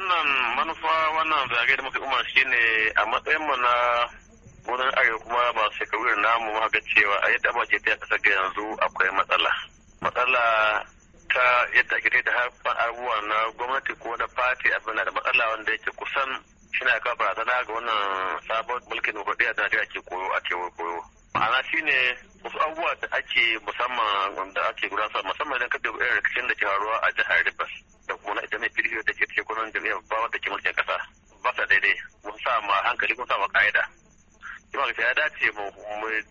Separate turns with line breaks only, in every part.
wannan manufa wannan zage da muka umar shine a matsayin mu na wurin arewa kuma ba shekaru da namu muka ga cewa a yadda ba ke ta kasa ga yanzu akwai matsala matsala ta yadda ake da harkar abubuwa na gwamnati ko na fati abin da matsala wanda yake kusan shina a barazana ga wannan sabon mulkin demokradiyya da Najeriya ke koyo a kewaye koyo ma'ana shine wasu abubuwa da ake musamman da ake gudanar musamman idan ka dubi irin rikicin da ke faruwa a jihar Rivers sauran jam'iyyar ba wanda ke mulki a ba sa daidai mun sa ma hankali mun sa ma kuma ga ya dace mu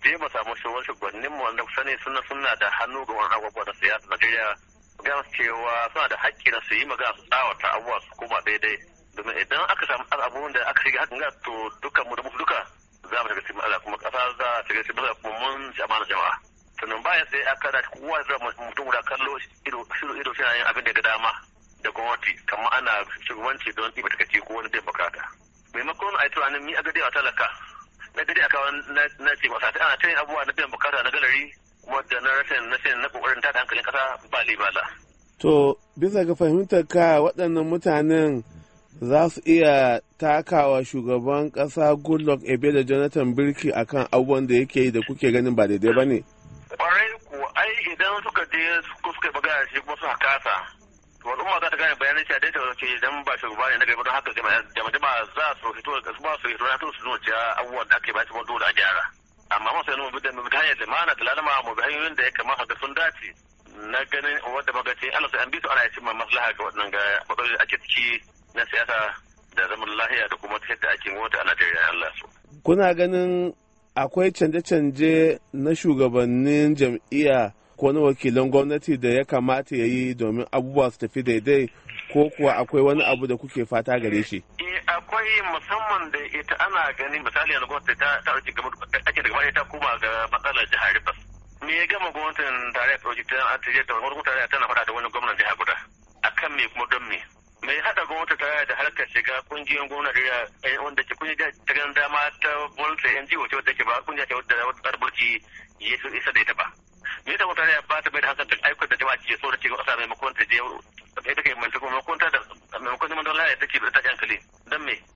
je mu samu shugabannin mu wanda sani suna suna da hannu ga wannan abubuwa da siyasa Najeriya cewa suna da haƙƙi na su yi magana su tsawata abubuwa su koma daidai domin idan aka samu abubuwan da aka shiga hakan to dukkan mu da mu duka za mu shiga cikin matsala kuma ƙasa za ta shiga cikin matsala kuma mun jama'a sannan bayan sai aka da kowa mutum kallo ido ido yin abin da ga dama da gwamnati kamar ana shugabanci don ɗiba takaci ko wani zai bukata maimakon a yi tunanin ni a gade a talaka na gade a kawo na ce masa ana ta abubuwa na biyan bukata na galari kuma da na rashin na na kokarin tada hankalin kasa
ba libala. to bisa ga fahimtar ka waɗannan mutanen za su iya takawa shugaban ƙasa goodluck ebe da jonathan birki akan abubuwan da yake yi da kuke ganin ba daidai ba ne. kwarai ku ai
idan suka je suka magana shi kuma suka kasa to al'umma za ta gane bayanan cewa dai ta idan ba shi ne na gari don haka jama'a jama'a za su fito su ba su fito na su zuwa cewa abubuwan da aka yi ba su dole a gyara amma masu yanzu mu da mu da hanyar limana da lalama mu bi hanyoyin da ya kamata da sun dace na ganin wadda baka ce Allah sai an bi su ana cimma maslaha ga waɗannan ga matsaloli ake ciki na siyasa da zaman lahiya da kuma yadda ake mota a Najeriya Allah so.
Kuna ganin akwai canje-canje na shugabannin jam'iyya ko wani wakilin gwamnati da ya kamata ya yi domin abubuwa su tafi daidai ko kuwa akwai wani abu da kuke fata gare shi? Eh, akwai musamman da ita ana gani misali yanzu gwamnati ta ɗauki
ake daga mata ta kuma ga matsalar jihar Rivers. Me ya gama gwamnatin da project ta Atijiyar ta wani tarayya tana fada da wani gwamnan jihar guda. Akan me kuma don me? Me ya haɗa gwamnati tarayya da harkar shiga kungiyoyin gwamnati da eh, wanda ke kungiyar ta gan dama ta Volta NGO wacce wadda ke ba kungiya ce wadda wadda tsarbarci ya isa da ita ba.
ke so da cikin ƙasa maimakon ta je ita kai maimakon ta da maimakon ta da ta da ta hankali me